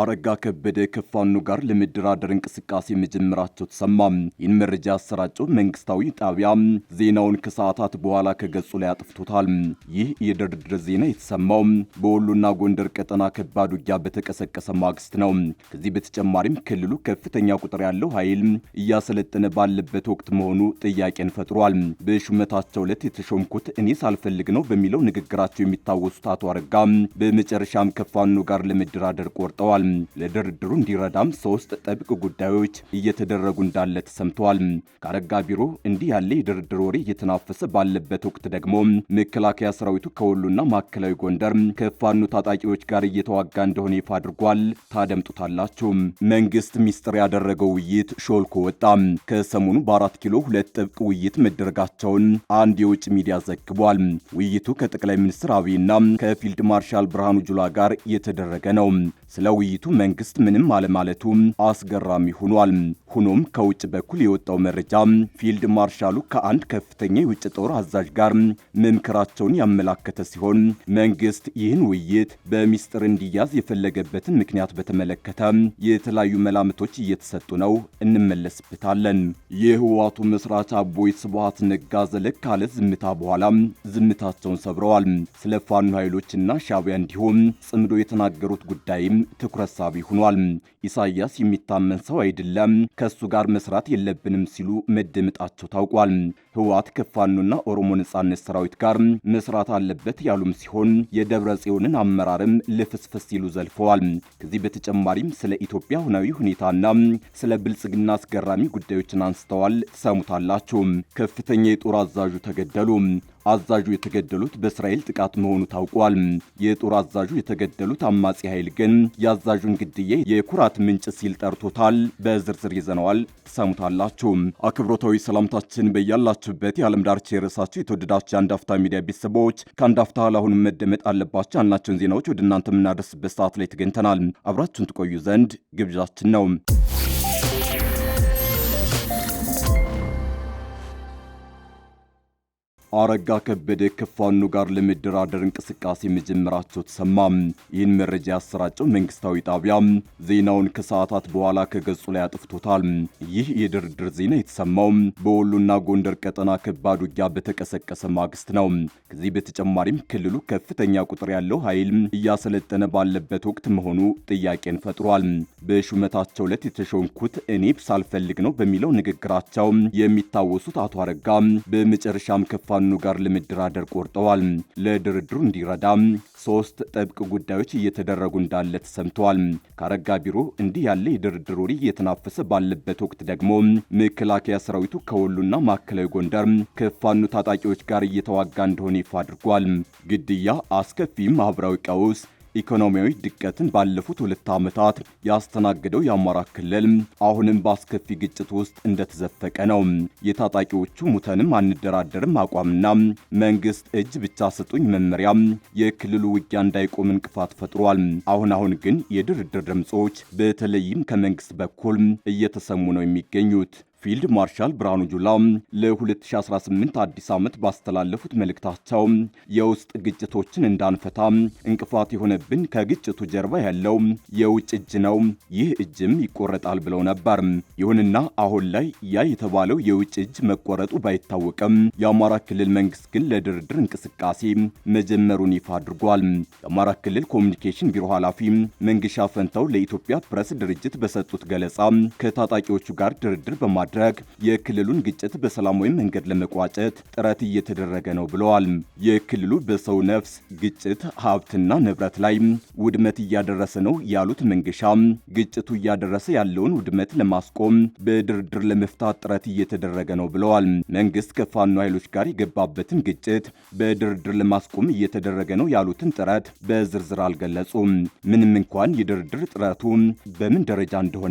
አረጋ ከበደ ከፋኖ ጋር ለመደራደር እንቅስቃሴ መጀመራቸው ተሰማ። ይህን መረጃ ያሰራጨው መንግስታዊ ጣቢያ ዜናውን ከሰዓታት በኋላ ከገጹ ላይ አጥፍቶታል። ይህ የድርድር ዜና የተሰማው በወሎና ጎንደር ቀጠና ከባድ ውጊያ በተቀሰቀሰ ማግስት ነው። ከዚህ በተጨማሪም ክልሉ ከፍተኛ ቁጥር ያለው ኃይል እያሰለጠነ ባለበት ወቅት መሆኑ ጥያቄን ፈጥሯል። በሹመታቸው ዕለት የተሾምኩት እኔ ሳልፈልግ ነው በሚለው ንግግራቸው የሚታወሱት አቶ አረጋ በመጨረሻም ከፋኖ ጋር ለመደራደር ቆርጠዋል። ተገልጿል። ለድርድሩ እንዲረዳም ሶስት ጥብቅ ጉዳዮች እየተደረጉ እንዳለ ተሰምተዋል። ከአረጋ ቢሮ እንዲህ ያለ የድርድር ወሬ እየተናፈሰ ባለበት ወቅት ደግሞ መከላከያ ሰራዊቱ ከወሎና ማዕከላዊ ጎንደር ከፋኖ ታጣቂዎች ጋር እየተዋጋ እንደሆነ ይፋ አድርጓል። ታደምጡታላችሁ። መንግስት ሚስጥር ያደረገው ውይይት ሾልኮ ወጣ። ከሰሞኑ በአራት ኪሎ ሁለት ጥብቅ ውይይት መደረጋቸውን አንድ የውጭ ሚዲያ ዘግቧል። ውይይቱ ከጠቅላይ ሚኒስትር አብይና ከፊልድ ማርሻል ብርሃኑ ጁላ ጋር የተደረገ ነው። ስለ ውይይቱ በውይይቱ መንግስት ምንም አለማለቱ አስገራሚ ሆኗል። ሆኖም ከውጭ በኩል የወጣው መረጃ ፊልድ ማርሻሉ ከአንድ ከፍተኛ የውጭ ጦር አዛዥ ጋር መምከራቸውን ያመላከተ ሲሆን መንግስት ይህን ውይይት በሚስጥር እንዲያዝ የፈለገበትን ምክንያት በተመለከተ የተለያዩ መላምቶች እየተሰጡ ነው። እንመለስበታለን። የህወሓቱ መስራች አቦይ ስብሃት ነጋ ዘለግ ካለ ዝምታ በኋላ ዝምታቸውን ሰብረዋል። ስለ ፋኖ ኃይሎችና ሻቢያ እንዲሁም ጽምዶ የተናገሩት ጉዳይም ትኩረት ትኩረት ሆኗል። ኢሳያስ የሚታመን ሰው አይደለም፣ ከእሱ ጋር መስራት የለብንም ሲሉ መደመጣቸው ታውቋል። ህወሓት ከፋኖና ኦሮሞ ነጻነት ሰራዊት ጋር መስራት አለበት ያሉም ሲሆን የደብረ ጽዮንን አመራርም ልፍስፍስ ሲሉ ዘልፈዋል። ከዚህ በተጨማሪም ስለ ኢትዮጵያ ሁናዊ ሁኔታና ስለ ብልጽግና አስገራሚ ጉዳዮችን አንስተዋል። ትሰሙታላችሁ። ከፍተኛ የጦር አዛዡ ተገደሉ። አዛዡ የተገደሉት በእስራኤል ጥቃት መሆኑ ታውቋል። የጦር አዛዡ የተገደሉት አማጺ ኃይል ግን የአዛዡን ግድያ የኩራት ምንጭ ሲል ጠርቶታል። በዝርዝር ይዘነዋል፣ ትሰሙታላችሁ። አክብሮታዊ ሰላምታችን በያላችሁበት የዓለም ዳርቻ የረሳችሁ የተወደዳችሁ የአንዳፍታ ሚዲያ ቤተሰቦች ከአንዳፍታ አፍታ መደመጥ አለባቸው ያልናቸውን ዜናዎች ወደ እናንተ የምናደርስበት ሰዓት ላይ ተገኝተናል። አብራችሁን ትቆዩ ዘንድ ግብዣችን ነው። አረጋ ከበደ ከፋኖ ጋር ለመደራደር እንቅስቃሴ መጀመራቸው ተሰማ ይህን መረጃ ያሰራጨው መንግስታዊ ጣቢያ ዜናውን ከሰዓታት በኋላ ከገጹ ላይ አጥፍቶታል። ይህ የድርድር ዜና የተሰማው በወሎና ጎንደር ቀጠና ከባድ ውጊያ በተቀሰቀሰ ማግስት ነው። ከዚህ በተጨማሪም ክልሉ ከፍተኛ ቁጥር ያለው ኃይል እያሰለጠነ ባለበት ወቅት መሆኑ ጥያቄን ፈጥሯል። በሹመታቸው ዕለት የተሾንኩት እኔ ሳልፈልግ ነው በሚለው ንግግራቸው የሚታወሱት አቶ አረጋ በመጨረሻም ከፋ ከፋኖ ጋር ለመደራደር ቆርጠዋል። ለድርድሩ እንዲረዳ ሶስት ጥብቅ ጉዳዮች እየተደረጉ እንዳለ ተሰምተዋል። ከአረጋ ቢሮ እንዲህ ያለ የድርድር ወሬ እየተናፈሰ ባለበት ወቅት ደግሞ መከላከያ ሰራዊቱ ከወሎና ማዕከላዊ ጎንደር ከፋኖ ታጣቂዎች ጋር እየተዋጋ እንደሆነ ይፋ አድርጓል። ግድያ፣ አስከፊ ማህበራዊ ቀውስ ኢኮኖሚያዊ ድቀትን ባለፉት ሁለት ዓመታት ያስተናገደው የአማራ ክልል አሁንም በአስከፊ ግጭት ውስጥ እንደተዘፈቀ ነው። የታጣቂዎቹ ሙተንም አንደራደርም አቋምና መንግስት እጅ ብቻ ስጡኝ መመሪያ የክልሉ ውጊያ እንዳይቆም እንቅፋት ፈጥሯል። አሁን አሁን ግን የድርድር ድምፆች በተለይም ከመንግስት በኩል እየተሰሙ ነው የሚገኙት። ፊልድ ማርሻል ብርሃኑ ጁላ ለ2018 አዲስ ዓመት ባስተላለፉት መልእክታቸው የውስጥ ግጭቶችን እንዳንፈታ እንቅፋት የሆነብን ከግጭቱ ጀርባ ያለው የውጭ እጅ ነው፣ ይህ እጅም ይቆረጣል ብለው ነበር። ይሁንና አሁን ላይ ያ የተባለው የውጭ እጅ መቆረጡ ባይታወቅም የአማራ ክልል መንግስት ግን ለድርድር እንቅስቃሴ መጀመሩን ይፋ አድርጓል። የአማራ ክልል ኮሚኒኬሽን ቢሮ ኃላፊ መንግሻ ፈንታው ለኢትዮጵያ ፕሬስ ድርጅት በሰጡት ገለጻ ከታጣቂዎቹ ጋር ድርድር በማድረግ በማድረግ የክልሉን ግጭት በሰላማዊ መንገድ ለመቋጨት ጥረት እየተደረገ ነው ብለዋል። የክልሉ በሰው ነፍስ፣ ግጭት፣ ሀብትና ንብረት ላይ ውድመት እያደረሰ ነው ያሉት መንገሻ ግጭቱ እያደረሰ ያለውን ውድመት ለማስቆም በድርድር ለመፍታት ጥረት እየተደረገ ነው ብለዋል። መንግስት ከፋኖ ኃይሎች ጋር የገባበትን ግጭት በድርድር ለማስቆም እየተደረገ ነው ያሉትን ጥረት በዝርዝር አልገለጹም። ምንም እንኳን የድርድር ጥረቱ በምን ደረጃ እንደሆነ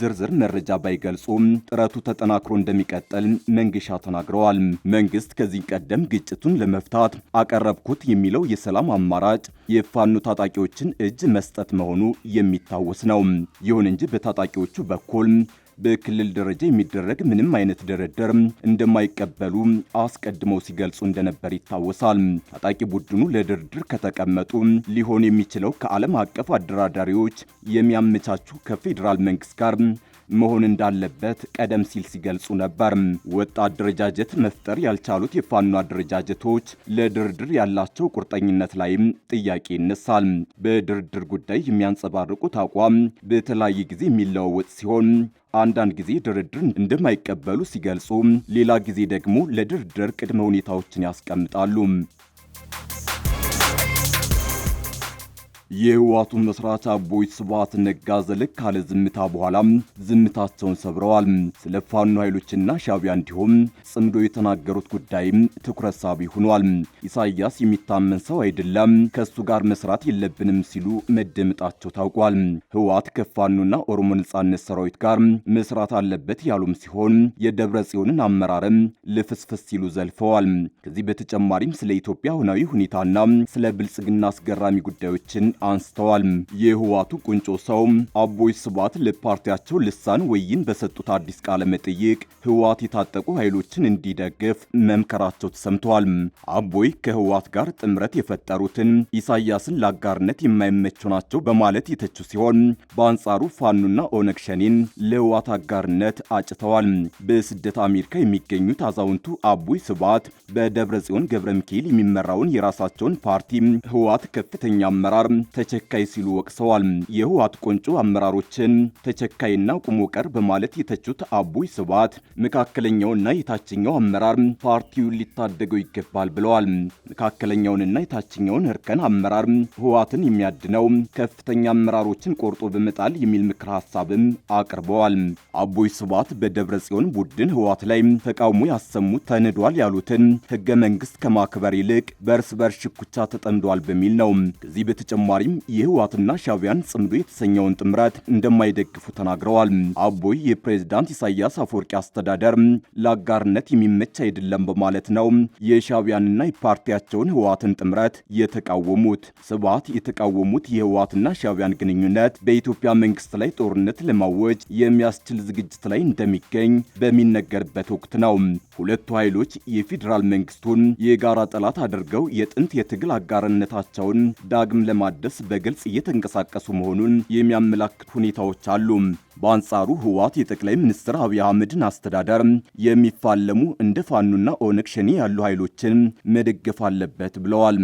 ዝርዝር መረጃ ባይገልጹም ጥረቱ ተጠናክሮ እንደሚቀጥል መንገሻ ተናግረዋል። መንግስት ከዚህ ቀደም ግጭቱን ለመፍታት አቀረብኩት የሚለው የሰላም አማራጭ የፋኖ ታጣቂዎችን እጅ መስጠት መሆኑ የሚታወስ ነው። ይሁን እንጂ በታጣቂዎቹ በኩል በክልል ደረጃ የሚደረግ ምንም አይነት ድርድር እንደማይቀበሉ አስቀድመው ሲገልጹ እንደነበር ይታወሳል። ታጣቂ ቡድኑ ለድርድር ከተቀመጡ ሊሆን የሚችለው ከዓለም አቀፍ አደራዳሪዎች የሚያመቻቹ ከፌዴራል መንግስት ጋር መሆን እንዳለበት ቀደም ሲል ሲገልጹ ነበር። ወጥ አደረጃጀት መፍጠር ያልቻሉት የፋኖ አደረጃጀቶች ለድርድር ያላቸው ቁርጠኝነት ላይም ጥያቄ ይነሳል። በድርድር ጉዳይ የሚያንጸባርቁት አቋም በተለያየ ጊዜ የሚለዋወጥ ሲሆን አንዳንድ ጊዜ ድርድር እንደማይቀበሉ ሲገልጹ፣ ሌላ ጊዜ ደግሞ ለድርድር ቅድመ ሁኔታዎችን ያስቀምጣሉ። የህወሓቱ መስራች አቦይ ስብሃት ነጋ ዘለግ ካለ ዝምታ በኋላ ዝምታቸውን ሰብረዋል። ስለ ፋኖ ኃይሎችና ሻቢያ እንዲሁም ጽምዶ የተናገሩት ጉዳይም ትኩረት ሳቢ ሆኗል። ኢሳያስ የሚታመን ሰው አይደለም፣ ከእሱ ጋር መስራት የለብንም ሲሉ መደመጣቸው ታውቋል። ህወሓት ከፋኖና ኦሮሞ ነጻነት ሰራዊት ጋር መስራት አለበት ያሉም ሲሆን የደብረ ጽዮንን አመራርም ልፍስፍስ ሲሉ ዘልፈዋል። ከዚህ በተጨማሪም ስለ ኢትዮጵያ አሁናዊ ሁኔታና ስለ ብልጽግና አስገራሚ ጉዳዮችን አንስተዋል። የህዋቱ ቁንጮ ሰው አቦይ ስባት ለፓርቲያቸው ልሳን ወይን በሰጡት አዲስ ቃለ መጠይቅ ህዋት የታጠቁ ኃይሎችን እንዲደግፍ መምከራቸው ተሰምተዋል። አቦይ ከህዋት ጋር ጥምረት የፈጠሩትን ኢሳያስን ለአጋርነት የማይመቹ ናቸው በማለት የተቹ ሲሆን በአንጻሩ ፋኖና ኦነግ ሸኔን ለህዋት አጋርነት አጭተዋል። በስደት አሜሪካ የሚገኙት አዛውንቱ አቦይ ስባት በደብረ ጽዮን ገብረ ሚካኤል የሚመራውን የራሳቸውን ፓርቲ ህዋት ከፍተኛ አመራር ተቸካይ ሲሉ ወቅሰዋል። የህወሓት ቁንጮ አመራሮችን ተቸካይና ቁሞ ቀር በማለት የተቹት አቦይ ስባት መካከለኛውና የታችኛው አመራር ፓርቲውን ሊታደገው ይገባል ብለዋል። መካከለኛውንና የታችኛውን እርከን አመራር ህወሓትን የሚያድነው ከፍተኛ አመራሮችን ቆርጦ በመጣል የሚል ምክር ሀሳብም አቅርበዋል። አቦይ ስባት በደብረ ጽዮን ቡድን ህወሓት ላይ ተቃውሞ ያሰሙት ተንዷል ያሉትን ህገ መንግስት ከማክበር ይልቅ በእርስ በርስ ሽኩቻ ተጠምዷል በሚል ነው። ከዚህ በተጨማሪ በተጨማሪም የህወሓትና ሻቢያን ጽምዶ የተሰኘውን ጥምረት እንደማይደግፉ ተናግረዋል። አቦይ የፕሬዝዳንት ኢሳያስ አፈወርቂ አስተዳደር ለአጋርነት የሚመች አይደለም በማለት ነው የሻቢያንና የፓርቲያቸውን ህወሓትን ጥምረት የተቃወሙት። ስባት የተቃወሙት የህወሓትና ሻቢያን ግንኙነት በኢትዮጵያ መንግስት ላይ ጦርነት ለማወጅ የሚያስችል ዝግጅት ላይ እንደሚገኝ በሚነገርበት ወቅት ነው። ሁለቱ ኃይሎች የፌዴራል መንግስቱን የጋራ ጠላት አድርገው የጥንት የትግል አጋርነታቸውን ዳግም ለማደስ ለማፍረስ በግልጽ እየተንቀሳቀሱ መሆኑን የሚያመላክቱ ሁኔታዎች አሉ። በአንጻሩ ህወሓት የጠቅላይ ሚኒስትር አብይ አህመድን አስተዳደር የሚፋለሙ እንደ ፋኖና ኦነግ ሸኔ ያሉ ኃይሎችን መደገፍ አለበት ብለዋል።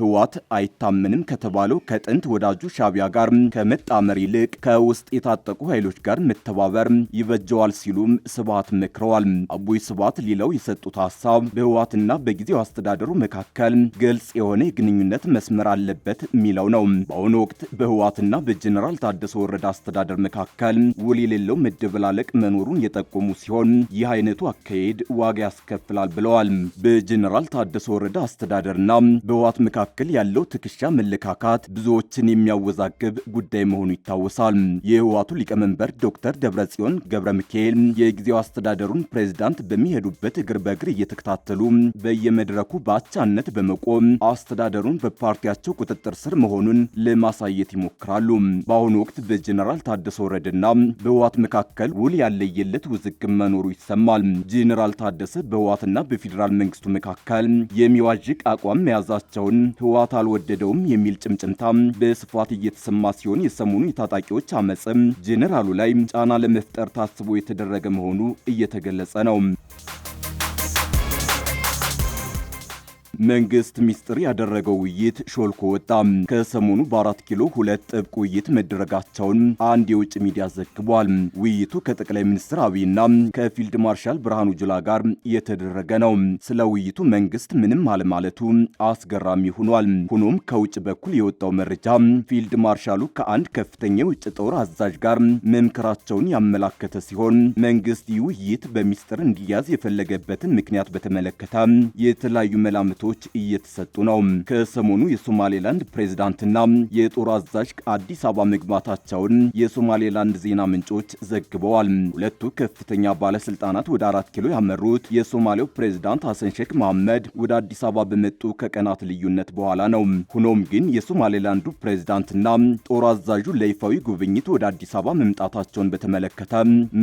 ህዋት አይታመንም ከተባለው ከጥንት ወዳጁ ሻቢያ ጋር ከመጣመር ይልቅ ከውስጥ የታጠቁ ኃይሎች ጋር መተባበር ይበጀዋል ሲሉም ስብሃት መክረዋል። አቡይ ስብሃት ሌላው የሰጡት ሀሳብ በህዋትና በጊዜው አስተዳደሩ መካከል ግልጽ የሆነ የግንኙነት መስመር አለበት የሚለው ነው። በአሁኑ ወቅት በህዋትና በጀኔራል ታደሰ ወረደ አስተዳደር መካከል ውል የሌለው መደበላለቅ መኖሩን የጠቆሙ ሲሆን ይህ አይነቱ አካሄድ ዋጋ ያስከፍላል ብለዋል። በጀኔራል ታደሰ ወረደ አስተዳደርና በህዋት መካከል መካከል ያለው ትከሻ መለካካት ብዙዎችን የሚያወዛግብ ጉዳይ መሆኑ ይታወሳል። የህወሓቱ ሊቀመንበር ዶክተር ደብረጽዮን ገብረ ሚካኤል የጊዜው አስተዳደሩን ፕሬዝዳንት በሚሄዱበት እግር በእግር እየተከታተሉ በየመድረኩ በአቻነት በመቆም አስተዳደሩን በፓርቲያቸው ቁጥጥር ስር መሆኑን ለማሳየት ይሞክራሉ። በአሁኑ ወቅት በጀነራል ታደሰ ወረደና በህወሓት መካከል ውል ያለየለት ውዝግብ መኖሩ ይሰማል። ጀነራል ታደሰ በህወሓትና በፌዴራል መንግስቱ መካከል የሚዋዥቅ አቋም መያዛቸውን ህወሓት አልወደደውም የሚል ጭምጭምታ በስፋት እየተሰማ ሲሆን የሰሞኑ የታጣቂዎች አመፅም ጄኔራሉ ላይ ጫና ለመፍጠር ታስቦ የተደረገ መሆኑ እየተገለጸ ነው። መንግስት ሚስጥር ያደረገው ውይይት ሾልኮ ወጣ። ከሰሞኑ በአራት ኪሎ ሁለት ጥብቅ ውይይት መደረጋቸውን አንድ የውጭ ሚዲያ ዘግቧል። ውይይቱ ከጠቅላይ ሚኒስትር አብይና ከፊልድ ማርሻል ብርሃኑ ጁላ ጋር የተደረገ ነው። ስለ ውይይቱ መንግስት ምንም አለማለቱ አስገራሚ ሆኗል። ሆኖም ከውጭ በኩል የወጣው መረጃ ፊልድ ማርሻሉ ከአንድ ከፍተኛ የውጭ ጦር አዛዥ ጋር መምከራቸውን ያመላከተ ሲሆን መንግስት ይህ ውይይት በሚስጥር እንዲያዝ የፈለገበትን ምክንያት በተመለከተ የተለያዩ መላምት ትምህርቶች እየተሰጡ ነው። ከሰሞኑ የሶማሌላንድ ፕሬዚዳንትና የጦር አዛዥ አዲስ አበባ መግባታቸውን የሶማሌላንድ ዜና ምንጮች ዘግበዋል። ሁለቱ ከፍተኛ ባለስልጣናት ወደ አራት ኪሎ ያመሩት የሶማሌው ፕሬዚዳንት ሐሰን ሼክ መሐመድ ወደ አዲስ አበባ በመጡ ከቀናት ልዩነት በኋላ ነው። ሆኖም ግን የሶማሌላንዱ ፕሬዚዳንትና ጦር አዛዡ ለይፋዊ ጉብኝት ወደ አዲስ አበባ መምጣታቸውን በተመለከተ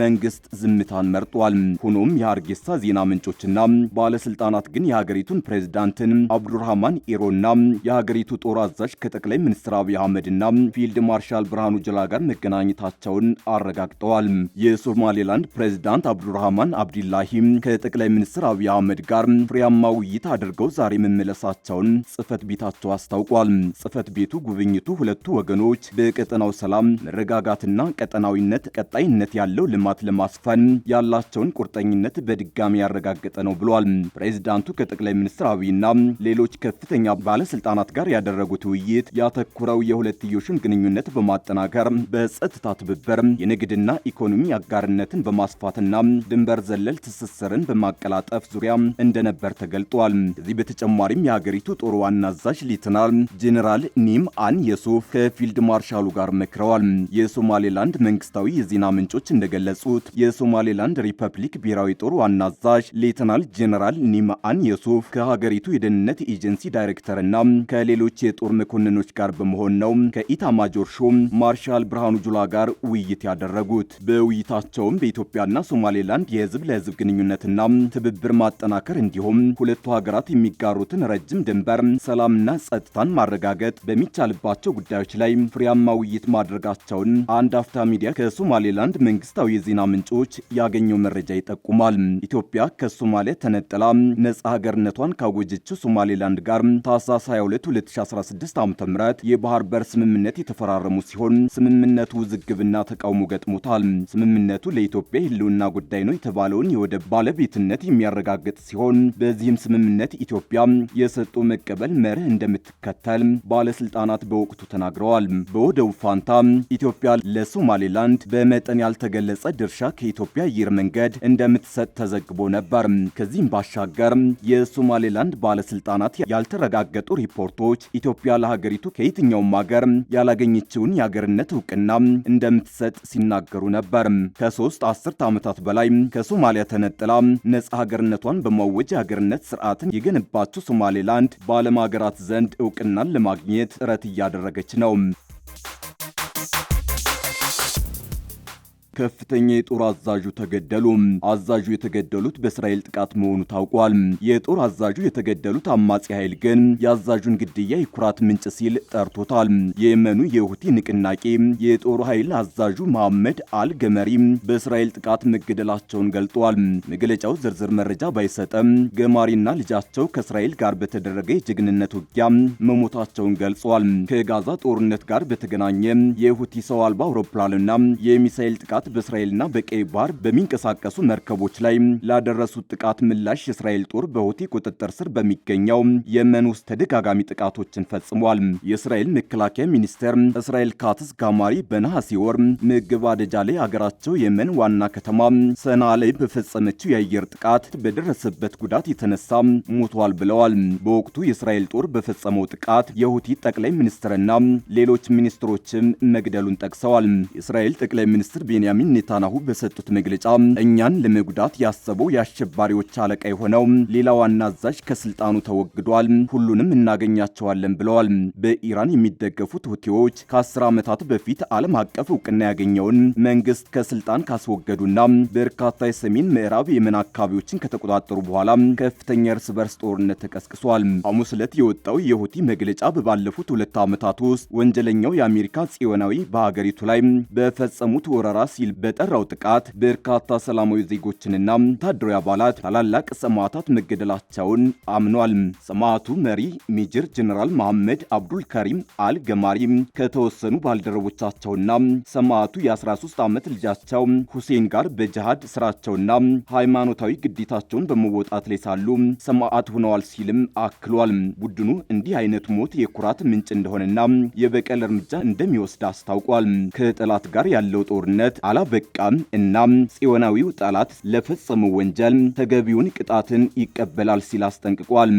መንግስት ዝምታን መርጧል። ሆኖም የሀርጌሳ ዜና ምንጮችና ባለስልጣናት ግን የሀገሪቱን ፕሬዚዳንት ፕሬዚዳንትን አብዱራህማን ኢሮና የሀገሪቱ ጦር አዛዥ ከጠቅላይ ሚኒስትር አብይ አህመድና ፊልድ ማርሻል ብርሃኑ ጅላ ጋር መገናኘታቸውን አረጋግጠዋል። የሶማሌላንድ ፕሬዚዳንት አብዱራህማን አብዲላሂ ከጠቅላይ ሚኒስትር አብይ አህመድ ጋር ፍሬያማ ውይይት አድርገው ዛሬ መመለሳቸውን ጽህፈት ቤታቸው አስታውቋል። ጽህፈት ቤቱ ጉብኝቱ ሁለቱ ወገኖች በቀጠናው ሰላም፣ መረጋጋትና ቀጠናዊነት ቀጣይነት ያለው ልማት ለማስፈን ያላቸውን ቁርጠኝነት በድጋሚ ያረጋገጠ ነው ብሏል። ፕሬዚዳንቱ ከጠቅላይ ሚኒስትር አብይ እና ሌሎች ከፍተኛ ባለስልጣናት ጋር ያደረጉት ውይይት ያተኮረው የሁለትዮሹን ግንኙነት በማጠናከር በጸጥታ ትብብር፣ የንግድና ኢኮኖሚ አጋርነትን በማስፋትና ድንበር ዘለል ትስስርን በማቀላጠፍ ዙሪያ እንደነበር ተገልጧል። ከዚህ በተጨማሪም የሀገሪቱ ጦር ዋና አዛዥ ሌተናል ጄኔራል ኒም አን የሱፍ ከፊልድ ማርሻሉ ጋር መክረዋል። የሶማሌላንድ መንግስታዊ የዜና ምንጮች እንደገለጹት የሶማሌላንድ ሪፐብሊክ ብሔራዊ ጦር ዋና አዛዥ ሌትናል ጄኔራል ኒም አን የሱፍ ከሀገሪቱ የደህንነት ኤጀንሲ ዳይሬክተርና ከሌሎች የጦር መኮንኖች ጋር በመሆን ነው ከኢታማጆር ሹም ማርሻል ብርሃኑ ጁላ ጋር ውይይት ያደረጉት። በውይይታቸውም በኢትዮጵያና ሶማሌላንድ የህዝብ ለህዝብ ግንኙነትና ትብብር ማጠናከር እንዲሁም ሁለቱ ሀገራት የሚጋሩትን ረጅም ድንበር ሰላምና ጸጥታን ማረጋገጥ በሚቻልባቸው ጉዳዮች ላይ ፍሬያማ ውይይት ማድረጋቸውን አንድ አፍታ ሚዲያ ከሶማሌላንድ መንግስታዊ የዜና ምንጮች ያገኘው መረጃ ይጠቁማል። ኢትዮጵያ ከሶማሊያ ተነጥላ ነጻ ሀገርነቷን ካጎጀ ከወሰደችው ሶማሌላንድ ጋር ታህሳስ 22 2016 ዓ.ም የባህር በር ስምምነት የተፈራረሙ ሲሆን ስምምነቱ ውዝግብና ተቃውሞ ገጥሞታል። ስምምነቱ ለኢትዮጵያ ሕልውና ጉዳይ ነው የተባለውን የወደብ ባለቤትነት የሚያረጋግጥ ሲሆን በዚህም ስምምነት ኢትዮጵያ የሰጡ መቀበል መርህ እንደምትከተል ባለስልጣናት በወቅቱ ተናግረዋል። በወደቡ ፋንታ ኢትዮጵያ ለሶማሌላንድ በመጠን ያልተገለጸ ድርሻ ከኢትዮጵያ አየር መንገድ እንደምትሰጥ ተዘግቦ ነበር። ከዚህም ባሻገር የሶማሌላንድ ባለስልጣናት ያልተረጋገጡ ሪፖርቶች ኢትዮጵያ ለሀገሪቱ ከየትኛውም ሀገር ያላገኘችውን የሀገርነት እውቅና እንደምትሰጥ ሲናገሩ ነበር። ከሶስት አስርት ዓመታት በላይ ከሶማሊያ ተነጥላ ነጻ ሀገርነቷን በማወጅ የሀገርነት ስርዓትን የገነባችው ሶማሌላንድ በዓለም ሀገራት ዘንድ እውቅናን ለማግኘት ጥረት እያደረገች ነው። ከፍተኛ የጦር አዛዡ ተገደሉ። አዛዡ የተገደሉት በእስራኤል ጥቃት መሆኑ ታውቋል። የጦር አዛዡ የተገደሉት አማጺ ኃይል ግን የአዛዡን ግድያ የኩራት ምንጭ ሲል ጠርቶታል። የየመኑ የሁቲ ንቅናቄ የጦር ኃይል አዛዡ መሐመድ አል ገመሪ በእስራኤል ጥቃት መገደላቸውን ገልጧል። መግለጫው ዝርዝር መረጃ ባይሰጠም ገማሪና ልጃቸው ከእስራኤል ጋር በተደረገ የጀግንነት ውጊያ መሞታቸውን ገልጿል። ከጋዛ ጦርነት ጋር በተገናኘ የሁቲ ሰው አልባ አውሮፕላንና የሚሳኤል ጥቃት በእስራኤልና በቀይ ባህር በሚንቀሳቀሱ መርከቦች ላይ ላደረሱት ጥቃት ምላሽ የእስራኤል ጦር በሁቲ ቁጥጥር ስር በሚገኘው የመን ውስጥ ተደጋጋሚ ጥቃቶችን ፈጽሟል። የእስራኤል መከላከያ ሚኒስቴር እስራኤል ካትስ ጋማሪ በነሐሴ ወር አደጃ ላይ አገራቸው የመን ዋና ከተማ ሰና ላይ በፈጸመችው የአየር ጥቃት በደረሰበት ጉዳት የተነሳ ሞቷል ብለዋል። በወቅቱ የእስራኤል ጦር በፈጸመው ጥቃት የሁቲ ጠቅላይ ሚኒስትርና ሌሎች ሚኒስትሮችም መግደሉን ጠቅሰዋል። የእስራኤል ጠቅላይ ሚኒስትር ቤንያ ቤንያሚን ኔታናሁ በሰጡት መግለጫ እኛን ለመጉዳት ያሰበው የአሸባሪዎች አለቃ የሆነው ሌላ ዋና አዛዥ ከስልጣኑ ተወግዷል፣ ሁሉንም እናገኛቸዋለን ብለዋል። በኢራን የሚደገፉት ሁቲዎች ከአስር ዓመታት በፊት ዓለም አቀፍ እውቅና ያገኘውን መንግስት ከስልጣን ካስወገዱና በርካታ የሰሜን ምዕራብ የመን አካባቢዎችን ከተቆጣጠሩ በኋላ ከፍተኛ እርስ በርስ ጦርነት ተቀስቅሷል። ሐሙስ ዕለት የወጣው የሁቲ መግለጫ በባለፉት ሁለት ዓመታት ውስጥ ወንጀለኛው የአሜሪካ ጽዮናዊ በሀገሪቱ ላይ በፈጸሙት ወረራ ሲል በጠራው ጥቃት በርካታ ሰላማዊ ዜጎችንና ወታደራዊ አባላት፣ ታላላቅ ሰማዕታት መገደላቸውን አምኗል። ሰማዕቱ መሪ ሜጀር ጀነራል መሐመድ አብዱል ከሪም አል ገማሪ ከተወሰኑ ባልደረቦቻቸውና ሰማዕቱ የ13 ዓመት ልጃቸው ሁሴን ጋር በጅሃድ ስራቸውና ሃይማኖታዊ ግዴታቸውን በመወጣት ላይ ሳሉ ሰማዕት ሆነዋል ሲልም አክሏል። ቡድኑ እንዲህ አይነት ሞት የኩራት ምንጭ እንደሆነና የበቀል እርምጃ እንደሚወስድ አስታውቋል። ከጠላት ጋር ያለው ጦርነት አላበቃም። እናም ጽዮናዊው ጠላት ለፈጸመው ወንጀል ተገቢውን ቅጣትን ይቀበላል ሲል አስጠንቅቋል።